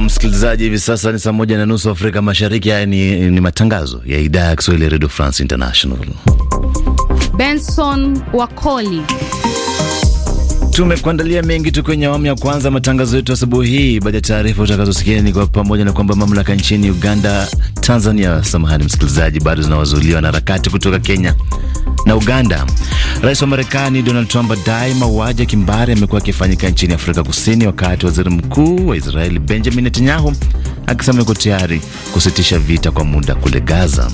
msikilizaji, hivi sasa ni saa moja na nusu Afrika Mashariki. Haya ni, ni matangazo ya idhaa ya Kiswahili ya Redio France International. Benson Wakoli tumekuandalia mengi tu kwenye awamu ya kwanza matangazo yetu asubuhi hii. Baada ya taarifa utakazosikia ni kwa pamoja na kwamba mamlaka nchini Uganda, Tanzania, samahani msikilizaji, bado na harakati kutoka Kenya na Uganda. Rais wa Marekani Donald Trump adai mauaji ya kimbari yamekuwa yakifanyika nchini Afrika Kusini, wakati waziri mkuu wa Israeli Benjamin Netanyahu akisema yuko tayari kusitisha vita kwa muda kule Gaza.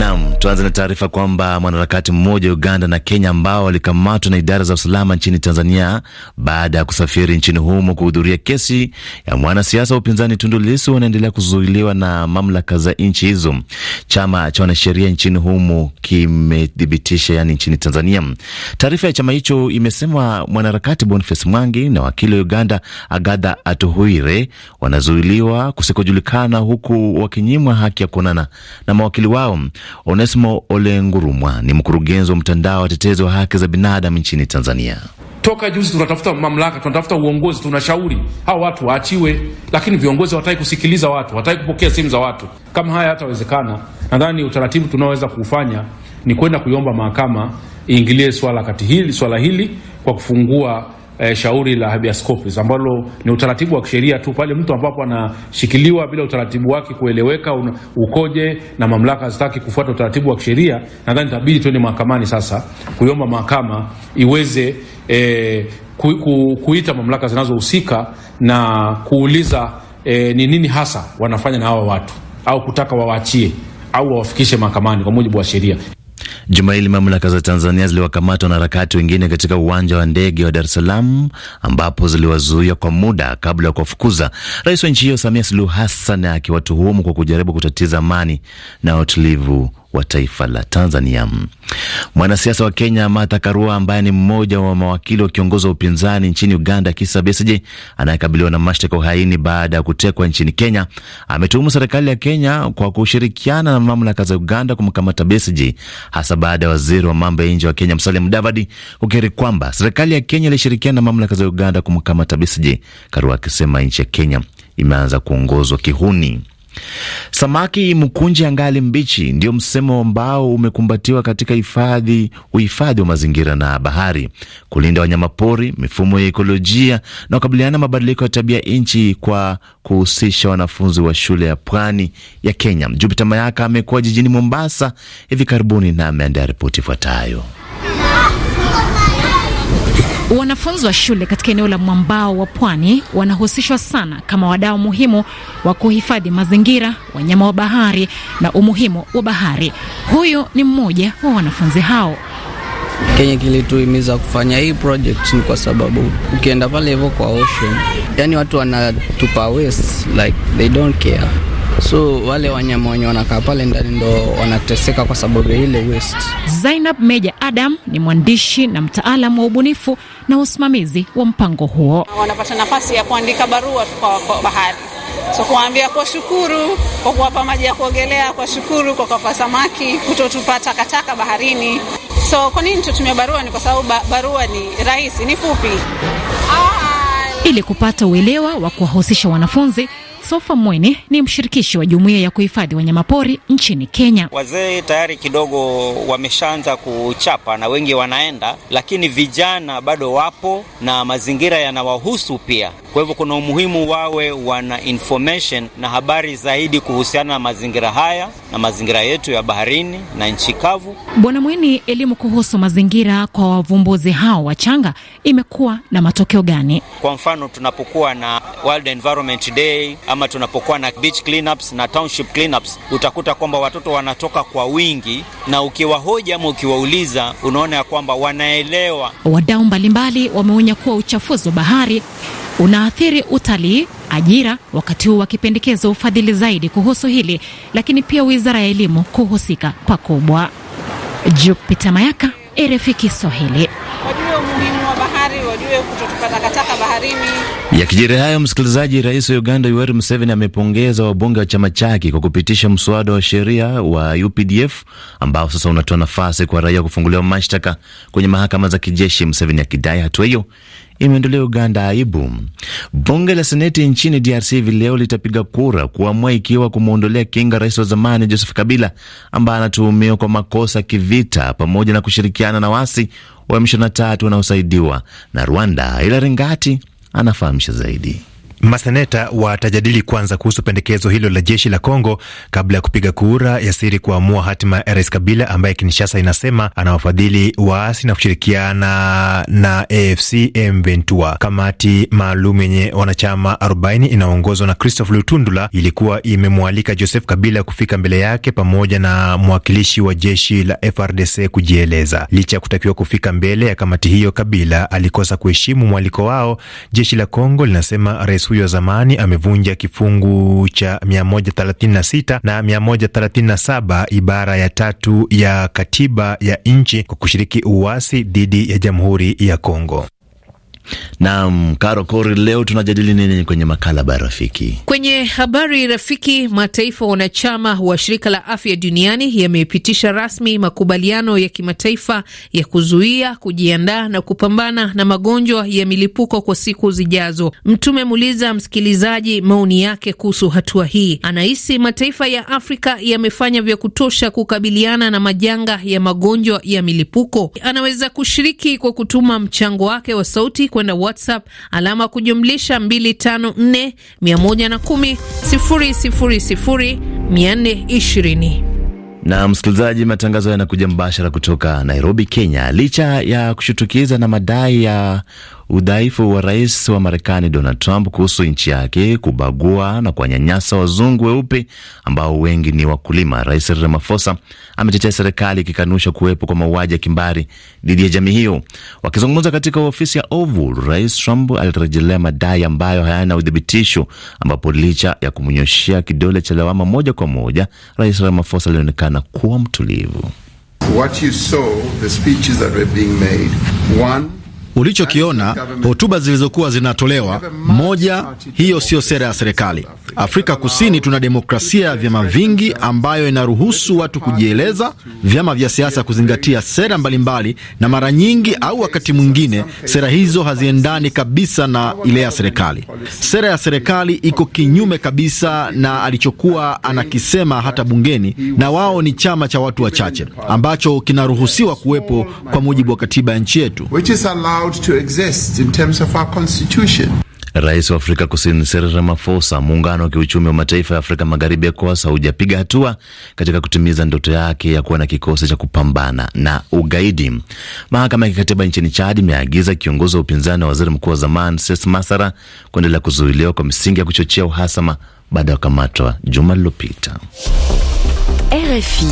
Nam, tuanze na taarifa kwamba mwanaharakati mmoja Uganda na Kenya ambao walikamatwa na idara za usalama nchini Tanzania baada ya kusafiri nchini humo kuhudhuria kesi ya mwanasiasa wa upinzani Tundu Lissu wanaendelea kuzuiliwa na mamlaka za nchi hizo. Chama cha wanasheria nchini humo kimethibitisha, yani nchini Tanzania. Taarifa ya chama hicho imesema mwanaharakati Boniface Mwangi na wakili wa Uganda Agatha Atuhuire wanazuiliwa kusikojulikana, huku wakinyimwa haki ya kuonana na mawakili wao onesimo Ole Ngurumwa ni mkurugenzi wa mtandao wa tetezi wa haki za binadamu nchini Tanzania. Toka juzi tunatafuta mamlaka, tunatafuta uongozi, tunashauri hawa watu waachiwe, lakini viongozi hawataki kusikiliza watu, hawataki kupokea simu za watu. Kama haya hatawezekana, nadhani utaratibu tunaoweza kuufanya ni kwenda kuiomba mahakama iingilie swala kati hili swala hili kwa kufungua eh, shauri la habeas corpus ambalo ni utaratibu wa kisheria tu pale mtu ambapo anashikiliwa bila utaratibu wake kueleweka un, ukoje na mamlaka hazitaki kufuata utaratibu wa kisheria, nadhani itabidi tuende mahakamani sasa kuiomba mahakama iweze eh, ku, ku, kuita mamlaka zinazohusika na kuuliza eh, ni nini hasa wanafanya na hawa watu au kutaka wawaachie au wawafikishe mahakamani kwa mujibu wa sheria. Juma hili mamlaka za Tanzania ziliwakamata wanaharakati wengine katika uwanja wa ndege wa Dar es Salaam, ambapo ziliwazuia kwa muda kabla ya kuwafukuza. Rais wa nchi hiyo Samia Suluhu Hassan akiwatuhumu kwa kujaribu kutatiza amani na utulivu wa taifa la Tanzania. Mwanasiasa wa Kenya Martha Karua ambaye ni mmoja wa mawakili wa kiongozi wa upinzani nchini Uganda Kizza Besigye anayekabiliwa na mashtaka uhaini baada ya kutekwa nchini Kenya ametuhumu serikali ya Kenya kwa kushirikiana na mamlaka za Uganda kumkamata Besigye, hasa baada ya waziri wa mambo ya nje wa Kenya Musalia Mudavadi kukiri kwamba serikali ya Kenya ilishirikiana na mamlaka za Uganda kumkamata Besigye, Karua akisema nchi ya Kenya imeanza kuongozwa kihuni. Samaki mkunje angali mbichi, ndio msemo ambao umekumbatiwa katika hifadhi, uhifadhi wa mazingira na bahari, kulinda wanyamapori, mifumo ya ekolojia na kukabiliana na mabadiliko ya tabia nchi kwa kuhusisha wanafunzi wa shule ya pwani ya Kenya. Jupita Mayaka amekuwa jijini Mombasa hivi karibuni na ameandaa ripoti ifuatayo. Wanafunzi wa shule katika eneo la mwambao wa pwani wanahusishwa sana kama wadau muhimu wa kuhifadhi mazingira, wanyama wa bahari na umuhimu wa bahari. Huyu ni mmoja wa wanafunzi hao. Kenye kilituhimiza kufanya hii project ni kwa sababu ukienda pale hivyo kwa ocean, yani watu wanatupa waste like they don't care so wale wanyama wenye wanakaa pale ndani ndo wanateseka kwa sababu ya ile waste. Zainab Meja Adam ni mwandishi na mtaalamu wa ubunifu na usimamizi wa mpango huo. Wanapata nafasi ya kuandika barua kwa, kwa bahari so kuwaambia kwa shukuru kwa kuwapa maji ya kuogelea, kwa shukuru kwa kuwapa samaki, kutotupa takataka baharini. So kwa nini tutumia barua? Ni kwa sababu ba, barua ni rahisi, ni fupi. Ili kupata uelewa wa kuwahusisha wanafunzi Christopher Mwene ni mshirikishi wa jumuiya ya kuhifadhi wanyamapori nchini Kenya. Wazee tayari kidogo wameshaanza kuchapa na wengi wanaenda, lakini vijana bado wapo na mazingira yanawahusu pia. Kwa hivyo kuna umuhimu wawe wana information na habari zaidi kuhusiana na mazingira haya na mazingira yetu ya baharini na nchi kavu. Bwana Mwini, elimu kuhusu mazingira kwa wavumbuzi hao wachanga imekuwa na matokeo gani? Kwa mfano tunapokuwa na World Environment Day ama tunapokuwa na beach cleanups na township cleanups, utakuta kwamba watoto wanatoka kwa wingi, na ukiwahoja ama ukiwauliza, unaona ya kwamba wanaelewa. Wadau mbalimbali wameonya kuwa uchafuzi wa bahari unaathiri utalii, ajira, wakati huu wakipendekeza ufadhili zaidi kuhusu hili, lakini pia wizara ya elimu kuhusika pakubwa. Jupita Mayaka, RFI Kiswahili. Wajue umuhimu wa bahari, wajue kutotupa takataka baharini. Yakijiri hayo, msikilizaji, rais wa Uganda Yoweri Museveni amepongeza wabunge wa chama chake kwa kupitisha mswada wa sheria wa UPDF ambao sasa unatoa nafasi kwa raia kufunguliwa mashtaka kwenye mahakama za kijeshi, Museveni akidai hatua hiyo imeondolea Uganda aibu. Bunge la Seneti nchini DRC hivi leo litapiga kura kuamua ikiwa kumwondolea kinga rais wa zamani Joseph Kabila ambaye anatuhumiwa kwa makosa kivita pamoja na kushirikiana na wasi wa M23 wanaosaidiwa na Rwanda. Ila Ringati anafahamisha zaidi. Maseneta watajadili kwanza kuhusu pendekezo hilo la jeshi la Kongo kabla ya kupiga kura ya siri kuamua hatima ya Rais Kabila ambaye Kinshasa inasema anawafadhili waasi na kushirikiana na AFC M23. Kamati maalum yenye wanachama 40 inaongozwa na Christophe Lutundula ilikuwa imemwalika Joseph Kabila kufika mbele yake pamoja na mwakilishi wa jeshi la FRDC kujieleza. Licha ya kutakiwa kufika mbele ya kamati hiyo, Kabila alikosa kuheshimu mwaliko wao. Jeshi la Kongo linasema rais huyo wa zamani amevunja kifungu cha 136 na 137 ibara ya tatu ya katiba ya nchi kwa kushiriki uasi dhidi ya Jamhuri ya Kongo. Naam, Karo Kori, leo tunajadili nini kwenye makala Habari Rafiki? Kwenye Habari Rafiki, mataifa wanachama wa Shirika la Afya Duniani yamepitisha rasmi makubaliano ya kimataifa ya kuzuia, kujiandaa na kupambana na magonjwa ya milipuko kwa siku zijazo. Mtume muuliza msikilizaji maoni yake kuhusu hatua hii. Anahisi mataifa ya Afrika yamefanya vya kutosha kukabiliana na majanga ya magonjwa ya milipuko. Anaweza kushiriki kwa kutuma mchango wake wa sauti kwa kwenda WhatsApp alama kujumlisha 254 110 000 420. Na msikilizaji, matangazo yanakuja mbashara kutoka Nairobi, Kenya. Licha ya kushutukiza na madai ya udhaifu wa rais wa Marekani Donald Trump kuhusu nchi yake kubagua na kuwanyanyasa wazungu weupe ambao wengi ni wakulima. Rais Ramaphosa ametetea serikali ikikanusha kuwepo kwa mauaji ya kimbari dhidi ya jamii hiyo. Wakizungumza katika ofisi ya Oval, Rais Trump alirejelea madai ambayo hayana uthibitisho, ambapo licha ya kumnyoshea kidole cha lawama moja kwa moja, Rais Ramaphosa alionekana kuwa mtulivu. What you saw, the speeches that were being made. One... Ulichokiona hotuba zilizokuwa zinatolewa, moja, hiyo siyo sera ya serikali. Afrika Kusini tuna demokrasia ya vyama vingi ambayo inaruhusu watu kujieleza, vyama vya siasa kuzingatia sera mbalimbali mbali, na mara nyingi au wakati mwingine sera hizo haziendani kabisa na ile ya serikali. Sera ya serikali iko kinyume kabisa na alichokuwa anakisema hata bungeni, na wao ni chama cha watu wachache ambacho kinaruhusiwa kuwepo kwa mujibu wa katiba ya nchi yetu allowed to exist in terms of our constitution. Rais wa Afrika Kusini Cyril Ramaphosa, muungano wa kiuchumi wa mataifa ya Afrika Magharibi ECOWAS haujapiga hatua katika kutimiza ndoto yake ya kuwa na kikosi cha kupambana na ugaidi. Mahakama ya kikatiba nchini Chad imeagiza kiongozi wa upinzani wa waziri mkuu wa zamani Ses Masara kuendelea kuzuiliwa kwa misingi ya kuchochea uhasama baada ya kukamatwa juma lililopita. RFI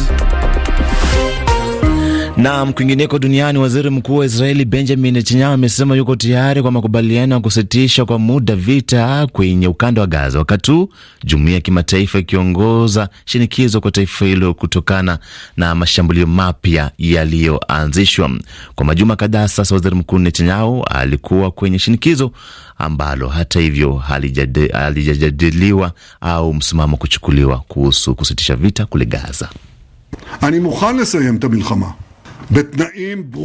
Nam, kwingineko duniani, waziri mkuu wa Israeli Benjamin Netanyahu amesema yuko tayari kwa makubaliano ya kusitisha kwa muda vita kwenye ukanda wa Gaza, wakati huu jumuia ya kimataifa ikiongoza shinikizo kwa taifa hilo kutokana na mashambulio mapya yaliyoanzishwa kwa majuma kadhaa sasa. Waziri mkuu Netanyahu alikuwa kwenye shinikizo ambalo hata hivyo halijajadiliwa au msimamo kuchukuliwa kuhusu kusitisha vita kule Gaza. ani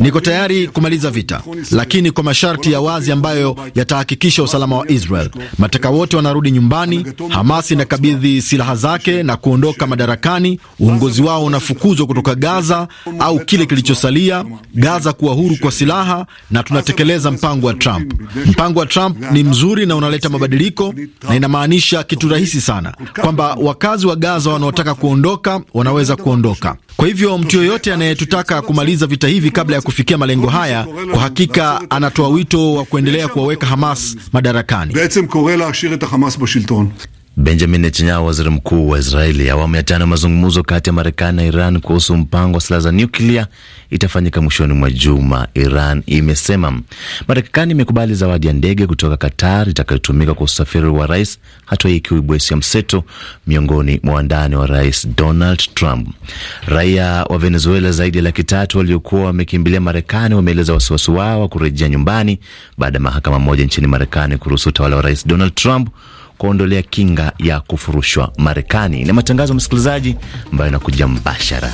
Niko tayari kumaliza vita, lakini kwa masharti ya wazi ambayo yatahakikisha usalama wa Israel. Mateka wote wanarudi nyumbani, Hamas inakabidhi silaha zake na kuondoka madarakani, uongozi wao unafukuzwa kutoka Gaza au kile kilichosalia, Gaza kuwa huru kwa silaha, na tunatekeleza mpango wa Trump. Mpango wa Trump ni mzuri na unaleta mabadiliko, na inamaanisha kitu rahisi sana kwamba wakazi wa Gaza wanaotaka kuondoka wanaweza kuondoka. Kwa hivyo mtu yoyote anayetutaka kumaliza kumaliza vita hivi kabla ya kufikia malengo haya, kwa hakika anatoa wito wa kuendelea kuwaweka Hamas madarakani. Benjamin Netanyahu, waziri mkuu wa Israeli. Awamu ya tano mazungumzo kati ya Marekani na Iran kuhusu mpango wa silaha za nyuklia itafanyika mwishoni mwa juma, Iran imesema. Marekani imekubali zawadi ya ndege kutoka Qatar itakayotumika kwa usafiri wa rais, hatua hii ibwesi ya mseto miongoni mwa wandani wa rais Donald Trump. Raia wa Venezuela zaidi ya laki tatu waliokuwa wamekimbilia Marekani wameeleza wasiwasi wao wa kurejea nyumbani baada ya mahakama moja nchini Marekani kuruhusu utawala wa rais Donald Trump kuondolea kinga ya kufurushwa Marekani. Na matangazo ya msikilizaji ambayo yanakuja mbashara